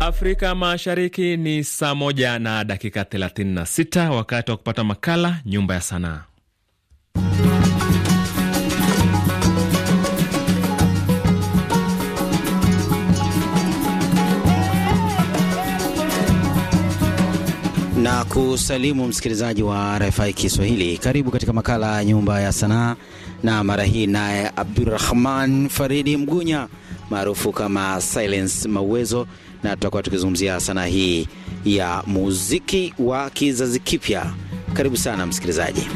Afrika Mashariki ni saa moja na dakika 36, wakati wa kupata makala Nyumba ya Sanaa. na kusalimu msikilizaji wa RFI Kiswahili. Karibu katika makala ya nyumba ya sanaa, na mara hii naye Abdurrahman Faridi Mgunya maarufu kama Silence mauwezo na tutakuwa tukizungumzia sanaa hii ya muziki wa kizazi kipya. Karibu sana msikilizaji.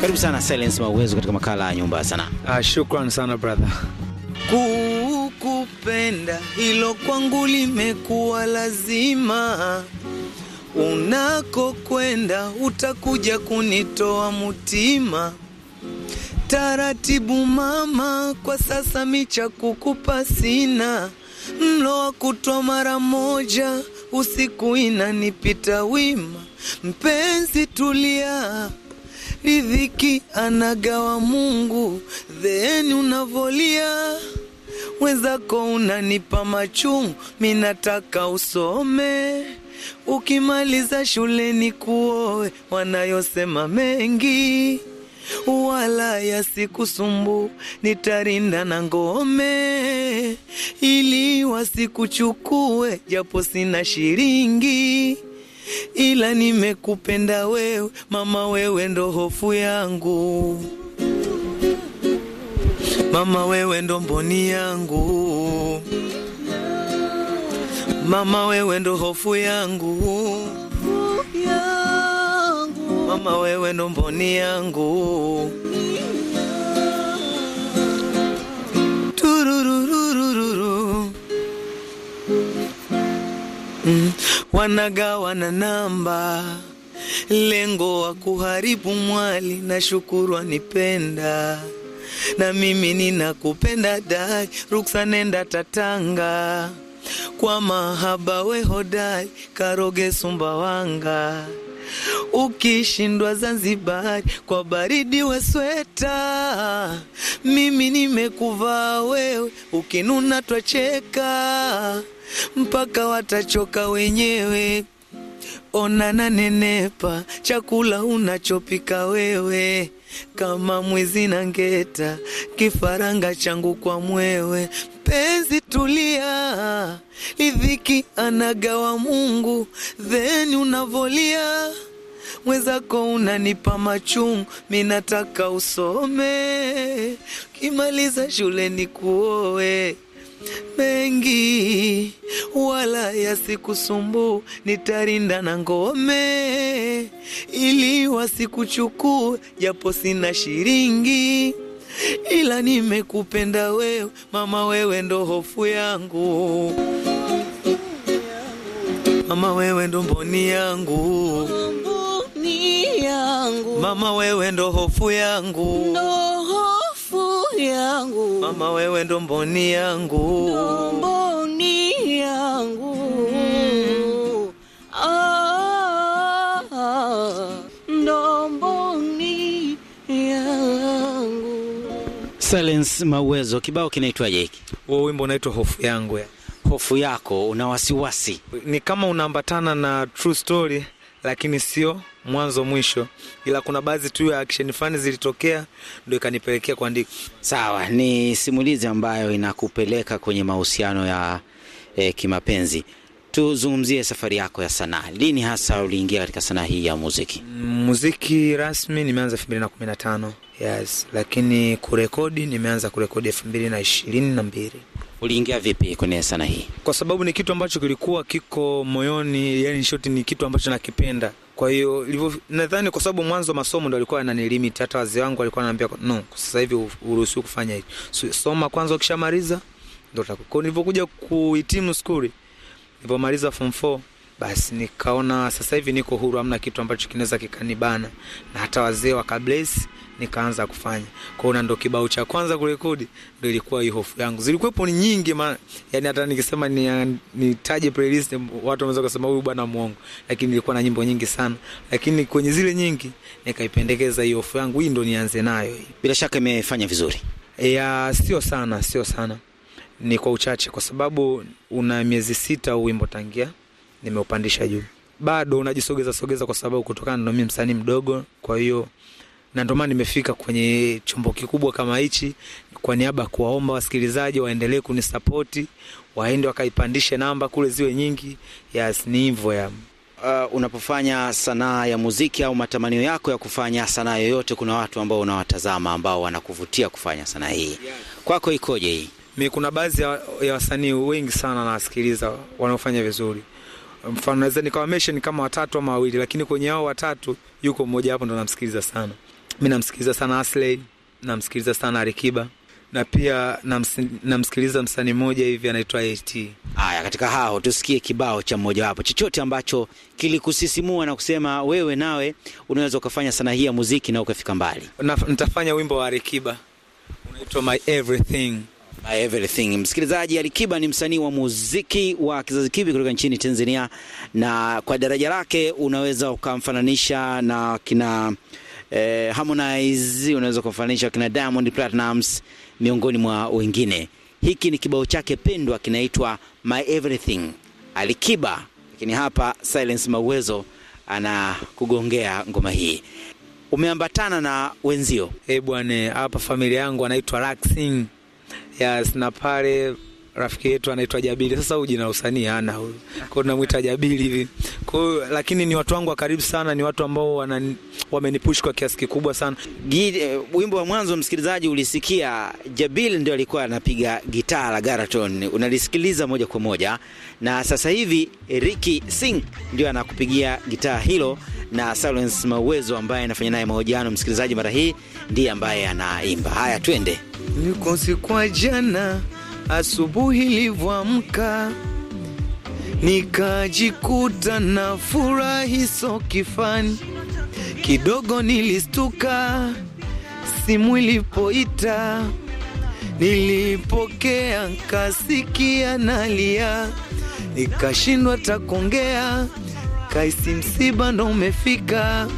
Karibu sana Silence Mauwezo katika makala ya nyumba ya sanaa. Ah, shukran sana brother. Kukupenda hilo kwangu limekuwa lazima, unakokwenda utakuja kunitoa mutima Taratibu mama, kwa sasa micha kukupa sina, mlo wa kutoa mara moja, usiku inanipita wima. Mpenzi tulia, riziki anagawa Mungu, dheni unavolia wenzako unanipa machungu, minataka usome, ukimaliza shuleni kuoe, wanayosema mengi wala yasikusumbu, nitarinda na ngome ili wasikuchukue, japo sina shilingi ila nimekupenda wewe mama, wewe ndo hofu yangu mama, wewe ndo mboni yangu mama, wewe ndo hofu yangu mama, wewe ndo mboni yangu turururururu mm. Wanagawana namba, lengo wa kuharibu mwali. Nashukuru anipenda na mimi ninakupenda dai. Ruksa nenda Tatanga kwa mahaba, we hodai karoge Sumbawanga. Ukishindwa Zanzibari kwa baridi we sweta, mimi nimekuvaa wewe, ukinuna twacheka mpaka watachoka wenyewe. Ona nenepa chakula unachopika wewe kama mwizi na ngeta, kifaranga changu kwa mwewe. Mpenzi tulia, idhiki anagawa Mungu, then unavolia mwezako unanipa machungu, minataka nataka usome, kimaliza shule ni kuoe mengi wala yasikusumbuu, nitarinda na ngome ili wasikuchukuu, japo sina shilingi ila nimekupenda wewe mama, wewe ndo hofu yangu mama, wewe ndo mboni yangu mama, wewe ndo hofu yangu no mboni yangu mama, wewe ndo mboni yangu, mboni mm. ah, yangu Silence Mawezo, kibao kinaitwaje hiki? Huo wimbo unaitwa hofu yangu Hofu yako una wasiwasi, ni kama unaambatana na true story lakini sio mwanzo mwisho, ila kuna baadhi tu ya action fani zilitokea ndio ikanipelekea kuandika. Sawa, ni simulizi ambayo inakupeleka kwenye mahusiano ya eh, kimapenzi. Tuzungumzie safari yako ya sanaa. Lini hasa uliingia katika sanaa hii ya muziki? Muziki rasmi nimeanza tano Yes, lakini kurekodi nimeanza kurekodi elfu mbili na ishirini na mbili. Uliingia vipi kwenye sanaa hii? Kwa sababu ni kitu ambacho kilikuwa kiko moyoni, yani shoti ni kitu ambacho nakipenda. Kwa hiyo nadhani kwa sababu mwanzo masomo ndo alikuwa ananilimit, hata wazee wangu walikuwa ananiambia no, sasa hivi uruhusiwi kufanya hivi, soma kwanza, ukishamaliza ndo. Nilipokuja kuhitimu skuli, nilipomaliza form 4 basi nikaona sasa hivi niko huru, amna kitu ambacho kinaweza kikanibana, na hata wazee wa kables nikaanza kufanya. Kwa hiyo ndo kibao cha kwanza kurekodi, ndo ilikuwa hii hofu yangu. Zilikuwepo ni nyingi ma, yani hata nikisema nitaje ni playlist watu wanaweza kusema huyu bwana mwongo lakini nilikuwa na nyimbo nyingi sana, lakini kwenye zile nyingi nikaipendekeza hii hofu yangu, hii ndo nianze nayo. Bila shaka imefanya vizuri. Ya, sio sana, sio sana, ni kwa uchache, kwa sababu una miezi sita uwimbo tangia nimeupandisha juu. Bado unajisogeza sogeza, kwa sababu kutokana na mimi msanii mdogo, kwa hiyo na ndio maana nimefika kwenye chombo kikubwa kama hichi. Kwa niaba ya kuwaomba wasikilizaji waendelee kunisapoti, waende wakaipandishe namba kule ziwe nyingi. Yes, ni hivyo ya Uh, unapofanya sanaa ya muziki au matamanio yako ya kufanya sanaa yoyote, kuna watu ambao unawatazama ambao wanakuvutia kufanya sanaa hii. Kwako ikoje hii? Mi kuna baadhi ya wasanii wengi sana nawasikiliza wanaofanya vizuri mfano naweza nikawa mention kama watatu ama wawili, lakini kwenye hao watatu yuko mmoja hapo ndo namsikiliza sana. Mi namsikiliza sana Asley, namsikiliza sana Arikiba na pia namsikiliza msanii mmoja hivi anaitwa AT. Haya, katika hao tusikie kibao cha mmojawapo chochote ambacho kilikusisimua na kusema wewe nawe unaweza ukafanya sanaa hii ya muziki na ukafika mbali. Nitafanya wimbo wa Arikiba unaitwa My Everything everything. Msikilizaji, Alikiba ni msanii wa muziki wa kizazi kipya kutoka nchini Tanzania, na kwa daraja lake unaweza ukamfananisha na kina eh, Harmonize, unaweza kumfananisha kina Diamond Platnumz miongoni mwa wengine. Hiki ni kibao chake pendwa kinaitwa My Everything, Alikiba. Lakini hapa Silence Mauwezo anakugongea ngoma hii umeambatana na wenzio. Eh, bwana hapa familia yangu anaitwa Laxing yes, Napari rafiki yetu anaitwa Jabili. Sasa huyu jina usanii hana huyu, kwa hiyo tunamwita Jabili hivi. Kwa hiyo lakini ni watu wangu wa karibu sana, ni watu ambao wana wamenipush kwa kiasi kikubwa sana. Eh, wimbo wa mwanzo, msikilizaji, ulisikia Jabili ndio alikuwa anapiga gitaa la Garaton, unalisikiliza moja kwa moja, na sasa hivi Ricky Singh ndio anakupigia gitaa hilo, na Silence Mawezo ambaye anafanya naye mahojiano, msikilizaji, mara hii ndiye ambaye anaimba. Haya, twende nikosi kwa jana Asubuhi livyoamka nikajikuta na furahi so kifani, kidogo nilistuka, simu ilipoita nilipokea, kasikia nalia, nikashindwa takongea, kaisi msiba ndo umefika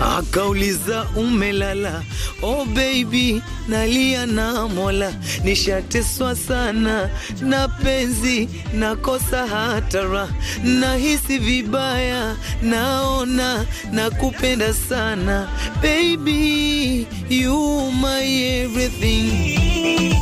akauliza umelala? Oh baby, nalia na Mola, nishateswa sana na penzi, nakosa hatara, nahisi vibaya, naona nakupenda sana baby, you my everything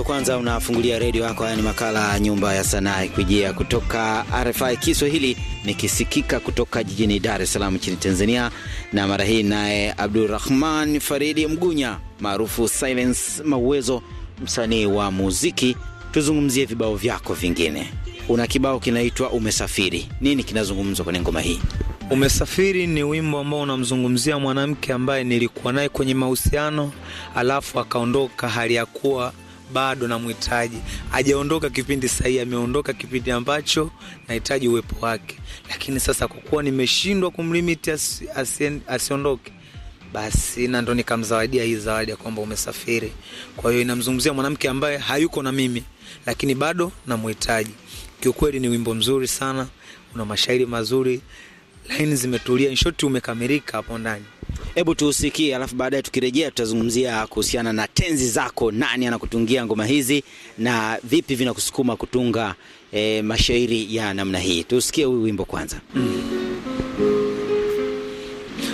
ndio kwanza unafungulia redio yako, haya ni makala ya Nyumba ya Sanaa ikujia kutoka RFI Kiswahili, nikisikika kutoka jijini Dar es Salaam nchini Tanzania. Na mara hii naye Abdurahman Faridi Mgunya maarufu Silence Mauwezo, msanii wa muziki. Tuzungumzie vibao vyako vingine. Una kibao kinaitwa Umesafiri. Nini kinazungumzwa kwenye ngoma hii? Umesafiri ni wimbo ambao unamzungumzia mwanamke ambaye nilikuwa naye kwenye mahusiano, alafu akaondoka hali ya kuwa bado namhitaji. ajaondoka kipindi sahihi, ameondoka kipindi ambacho nahitaji uwepo wake. Lakini sasa kwa kuwa nimeshindwa kumlimiti asiondoke, basi na ndo nikamzawadia hii zawadi ya kwamba umesafiri. Kwa hiyo inamzungumzia mwanamke ambaye hayuko na mimi, lakini bado namhitaji. Kiukweli ni wimbo mzuri sana, una mashairi mazuri laini zimetulia, in short umekamilika hapo ndani. Hebu tuusikie, alafu baadaye tukirejea tutazungumzia kuhusiana na tenzi zako, nani anakutungia ngoma hizi na vipi vinakusukuma kutunga e, mashairi ya namna hii. Tusikie huyu wimbo kwanza. Mm.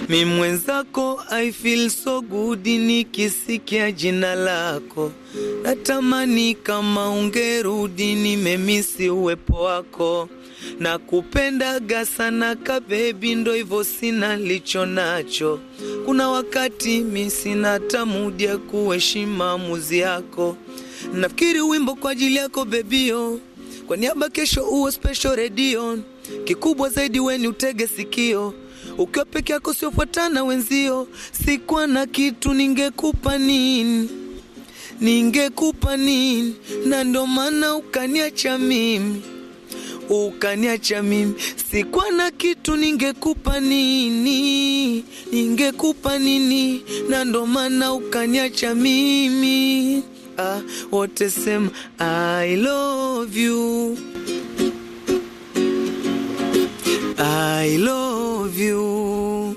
Mi mwenzako, I feel so good nikisikia jina lako, natamani kama ungerudi, nimemisi uwepo wako na kupenda gasana kabebi, ndo hivyo sina licho nacho. Kuna wakati mi sina tamudia kuheshima muzi yako. Nafikiri wimbo kwa ajili yako bebio, kwa niaba kesho uwe special redio. Kikubwa zaidi weni utege sikio ukiwa peke yako siofuatana wenzio, sikwa na kitu, ningekupa nini? Ningekupa nini? Na ndo maana ukaniacha mimi ukaniacha mimi, sikuwa na kitu, ningekupa nini? Ningekupa nini? na ndo maana ukaniacha mimi. Ah, wote sema I love you, I love you,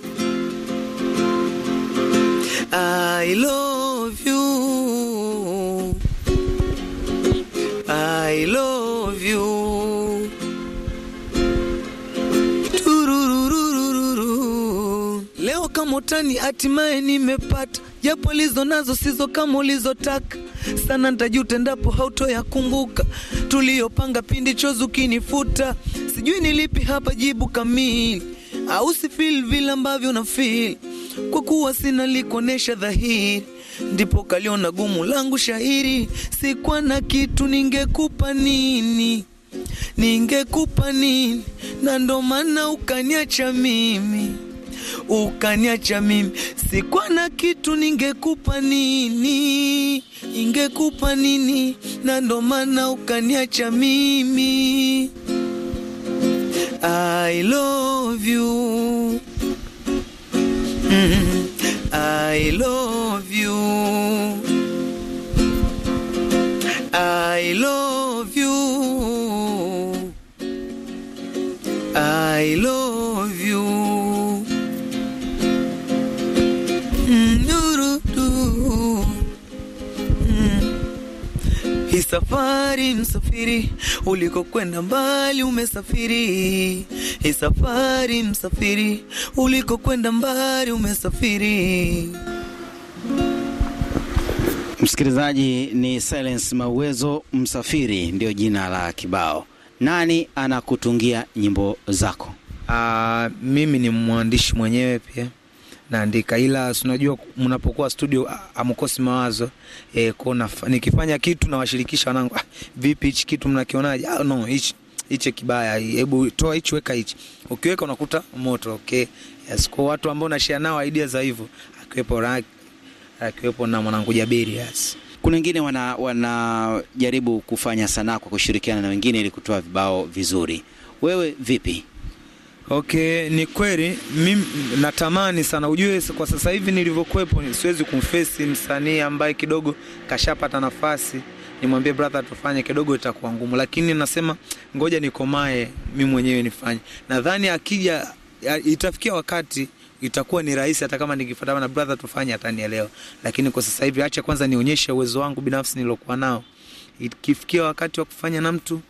I love utani, hatimaye nimepata, japo lizo nazo sizo kama ulizotaka sana. Ntajuta endapo hautoyakumbuka tuliyopanga pindi chozi ukinifuta. Sijui nilipi hapa jibu kamili, au si feel vile ambavyo na feel, kwa kuwa sina likuonesha dhahiri ndipo kaliona gumu langu shahiri sikwa na kitu, ningekupa nini? Ningekupa nini? na ndo maana ukaniacha mimi ukaniacha mimi, sikuwa na kitu, ningekupa nini? Ningekupa nini? na ndo maana ukaniacha mimi. I love you. Mm-hmm. I love you. I love safari msafiri, ulikokwenda mbali umesafiri. safari msafiri, ulikokwenda mbali umesafiri. Msikilizaji, ni Silence Mauwezo, Msafiri ndio jina la kibao. Nani anakutungia nyimbo zako? Aa, ah, mimi ni mwandishi mwenyewe pia naandika, ila unajua mnapokuwa studio ah, amkosi mawazo e, eh, kona, nikifanya kitu nawashirikisha wanangu, ah, vipi hichi kitu mnakionaje? Ah, no hichi hichi kibaya, hebu toa hichi, weka hichi. Ukiweka unakuta moto. Okay, yes, kwa watu ambao nashare nao idea za hivyo, akiwepo akiwepo na mwanangu Jabiri yes. Kuna wengine wana wanajaribu kufanya sanaa kwa kushirikiana na wengine ili kutoa vibao vizuri. Wewe vipi? Okay, ni kweli mimi natamani sana ujue, kwa sasa hivi nilivyokuepo, siwezi kumfesi msanii ambaye kidogo kashapata nafasi nimwambie brother, tufanye kidogo, itakuwa ngumu, lakini nasema ngoja nikomae mimi mwenyewe nifanye. Nadhani akija itafikia wakati itakuwa ni rahisi, hata kama nikifuatana na brother tufanye, atanielewa. Lakini kwa sasa hivi acha kwanza nionyeshe uwezo wangu binafsi nilokuwa nao, ikifikia wakati wa kufanya na mtu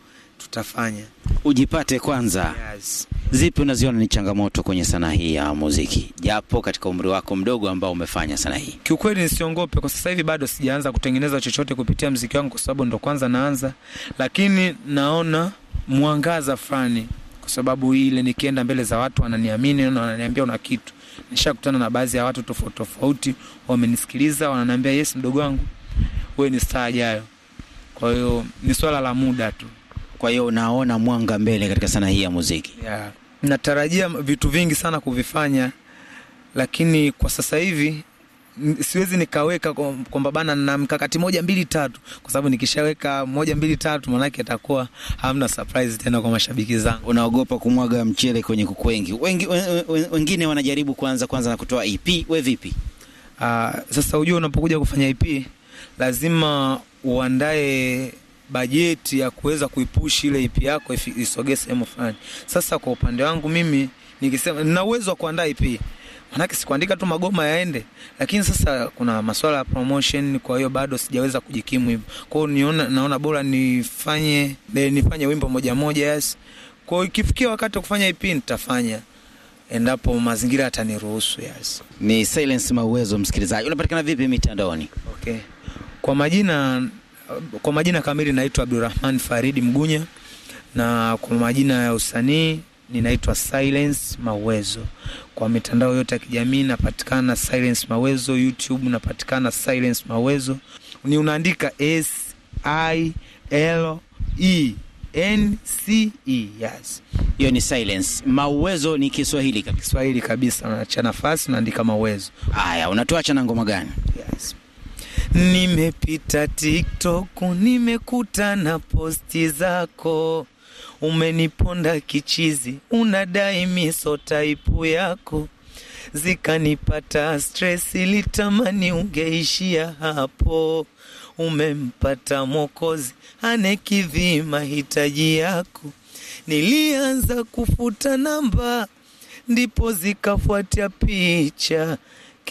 tutafanya ujipate kwanza. Yes. Zipi unaziona ni changamoto kwenye sanaa hii ya muziki, japo katika umri wako mdogo ambao umefanya sanaa hii? Kiukweli nisiongope, kwa sasa hivi bado sijaanza kutengeneza chochote kupitia muziki wangu, kwa sababu ndo kwanza naanza, lakini naona mwangaza fulani, kwa sababu ile nikienda mbele za watu wananiamini na wananiambia una kitu. Nishakutana na baadhi ya watu tofauti tofauti, wamenisikiliza, wananiambia yes, mdogo wangu, wewe ni staa ajayo. Kwa hiyo ni swala la muda tu. Kwa hiyo unaona mwanga mbele katika sanaa hii ya muziki yeah. Natarajia vitu vingi sana kuvifanya, lakini kwa sasa hivi siwezi nikaweka kwamba bana na mkakati moja mbili tatu, kwa sababu nikishaweka moja mbili tatu, maanake atakuwa hamna surprise tena kwa mashabiki zangu. Unaogopa kumwaga mchele kwenye kuku wengi, wengine wanajaribu kwanza kwanza na kutoa EP, we vipi? Uh, sasa unapokuja kufanya EP lazima uandae bajeti ya kuweza kuipushi ile ipi e yako isogee sehemu fulani. Sasa kwa upande wangu mimi nikisema nina uwezo wa kuandaa ipi e Manake sikuandika tu magoma yaende, lakini sasa kuna masuala ya promotion, kwa hiyo bado sijaweza kujikimu hivyo. Kwa hiyo niona, naona bora nifanye eh, nifanye wimbo moja moja, yes. Kwa hiyo ikifikia wakati wa kufanya EP nitafanya endapo mazingira yataniruhusu, yes. Ni Silence Mauwezo. Msikilizaji, unapatikana vipi mitandaoni? Okay, kwa majina Uh, kwa majina kamili naitwa abdurahman Faridi Mgunya na kwa majina ya usanii ninaitwa Silence Mawezo. Kwa mitandao yote ya kijamii napatikana Silence Mawezo, YouTube napatikana Silence Mawezo. Ni unaandika S I L E N C E. Yes. Hiyo ni Silence. Mawezo ni Kiswahili kabisa. Kiswahili kabisa, unaacha nafasi unaandika Mawezo. Haya, unatuacha na ngoma gani? Nimepita TikTok, nimekuta na posti zako, umeniponda kichizi, unadai miso taipu yako zikanipata stress, litamani ungeishia hapo. Umempata Mwokozi anekidhi mahitaji yako. Nilianza kufuta namba, ndipo zikafuatia picha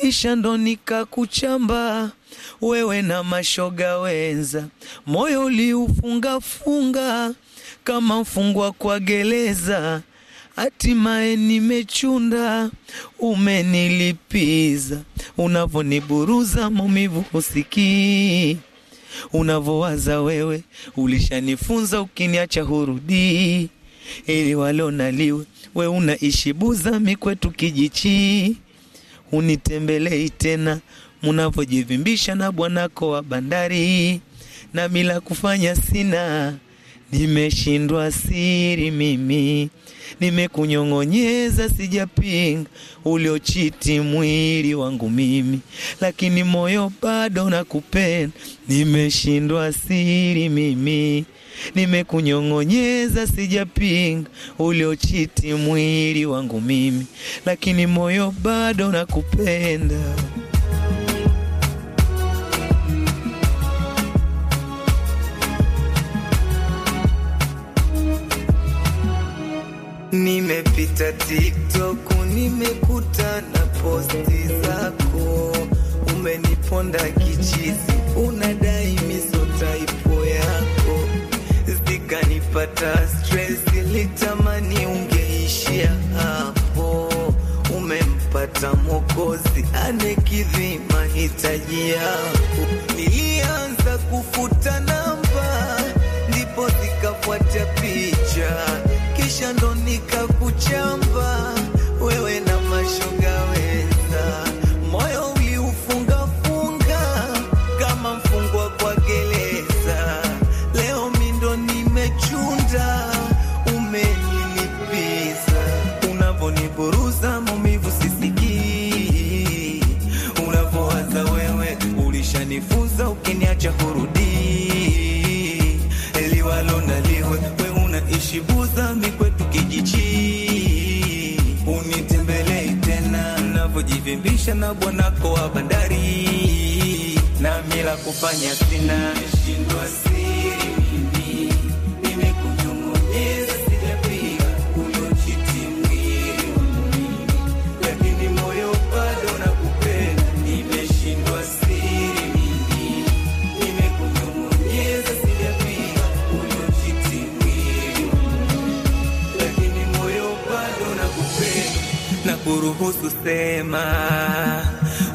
kisha ndo nikakuchamba wewe na mashoga wenza, moyo uliufungafunga kama mfungwa kwa gereza, hatimaye nimechunda, umenilipiza. Unavoniburuza maumivu husikii, unavowaza wewe ulishanifunza, ukiniacha hurudi, ili walonaliwe we unaishibuza Buzami kwetu kijichi hunitembelei tena, munavyojivimbisha na bwanako wa bandari, na mila kufanya sina, nimeshindwa siri mimi, nimekunyong'onyeza sijapinga, uliochiti mwili wangu mimi, lakini moyo bado nakupenda, nimeshindwa siri mimi nimekunyong'onyeza, sijapinga uliochiti mwili wangu mimi, lakini moyo bado nakupenda. Nimepita TikTok, nimekuta na posti zako, umeniponda kichizi, unadai miso Nimepata stress, nilitamani ungeishia hapo. Umempata Mwokozi anekidhi mahitaji yako. Nilianza kufuta namba, ndipo zikafuata picha, kisha ndo nikakuchama kusema,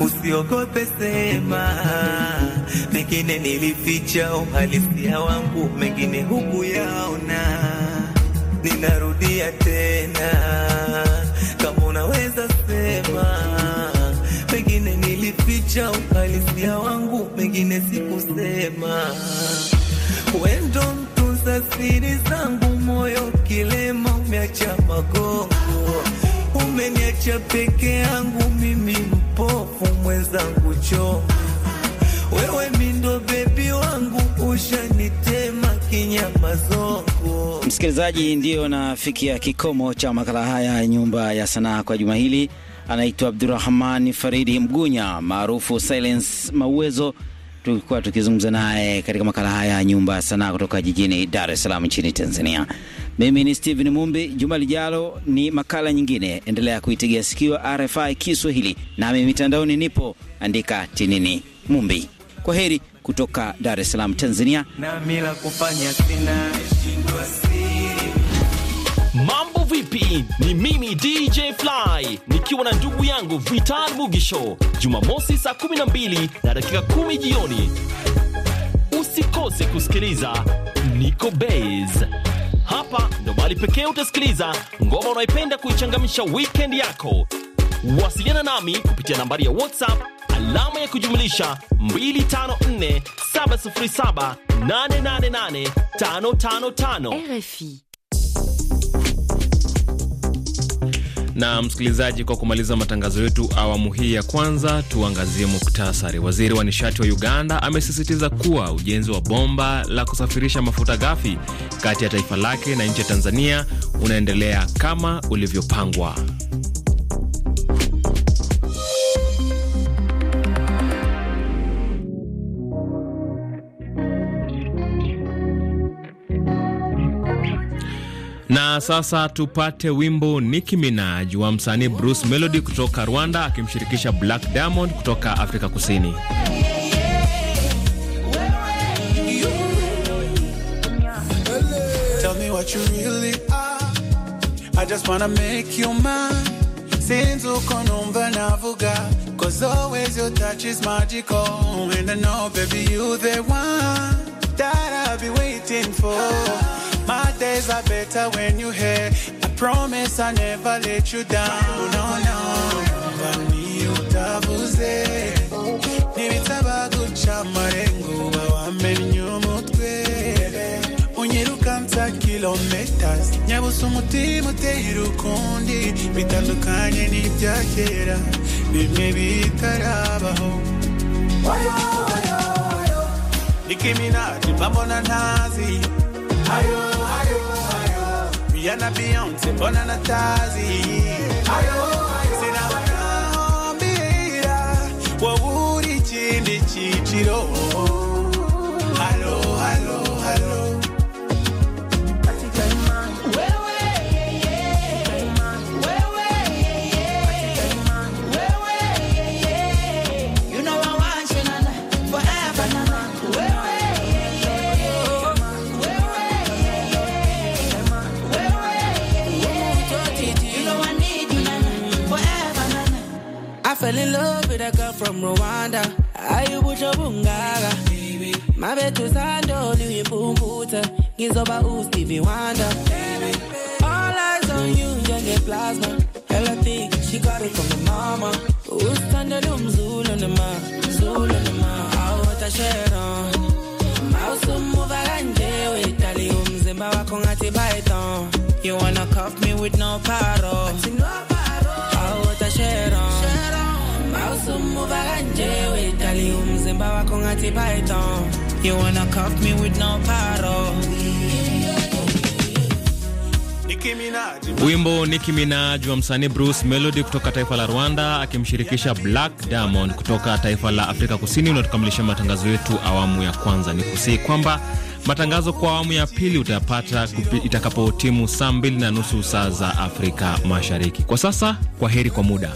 usiogope sema. Mengine nilificha uhalisia wangu, mengine hukuyaona. Ninarudia tena, kama unaweza sema. Mengine nilificha uhalisia wangu, mengine sikusema. Wendo mtunza siri zangu, moyo kilema, umeacha magongo nimejiacha peke yangu, mimi mpofu mwenzangu cho wewe mindo bebi wangu ushanitema kinyama zongo. Msikilizaji, ndiyo nafikia kikomo cha makala haya ya Nyumba ya Sanaa kwa juma hili. Anaitwa Abdurahmani Faridi Mgunya maarufu Silence Mauwezo. Tulikuwa tukizungumza naye katika makala haya ya Nyumba ya Sanaa kutoka jijini Dar es Salaam nchini Tanzania. Mimi ni Steven Mumbi. Juma lijalo ni makala nyingine, endelea kuitegea sikio RFI Kiswahili, nami mitandaoni nipo, andika tinini Mumbi. Kwa heri kutoka Dar es Salaam, Tanzania. la kufanya mambo vipi? Ni mimi DJ Fly nikiwa na ndugu yangu Vital Mugisho, Jumamosi saa 12 na dakika 10 jioni, usikose kusikiliza Niko Base. Hapa ndo mahali pekee utasikiliza ngoma unaipenda kuichangamsha wikendi yako. Wasiliana nami kupitia nambari ya WhatsApp alama ya kujumlisha 254 707 888 555 RFI. Na msikilizaji, kwa kumaliza matangazo yetu awamu hii ya kwanza, tuangazie muktasari. Waziri wa nishati wa Uganda amesisitiza kuwa ujenzi wa bomba la kusafirisha mafuta ghafi kati ya taifa lake na nchi ya Tanzania unaendelea kama ulivyopangwa. Na sasa tupate wimbo niki Minaj wa msanii Bruce Melody kutoka Rwanda akimshirikisha Black Diamond kutoka Afrika Kusini. My days are better when you here. I promise I never let you down. Oh, no, no. Kwani utavuze nibitaba guca marengo bawamenye umutwe unyirukansa kilometers nyabusa umutima uteye urukundi bitandukanye n'ibya kera bimwe bitarabaho Nicki Minaj, Bambona Nazi. Ayo. Rihanna, Beyonce, mbona na tazi sina bahambira wabura ikindi cyiciro from Rwanda. Ayubusho bungara. Mabetu sando liwe pumputa. Gizoba u Stevie Wonder. All eyes on you, young and plasma. Hella thick, she got it from her mama. Ustando lumzulu nema, zulu nema. Awata shera. Mausumuva kanjewe. Tali umzimba wako ngati python. You wanna cuff me with no parole. Remember I can python. You wanna cuff me with no paro. Wimbo Nicki Minaj wa msanii Bruce Melody kutoka taifa la Rwanda akimshirikisha Black Diamond kutoka taifa la Afrika Kusini unatukamilisha matangazo yetu awamu ya kwanza. Ni kusihi kwamba matangazo kwa awamu ya pili utapata itakapotimu saa mbili na nusu saa za Afrika Mashariki. Kwa sasa, kwa heri kwa muda.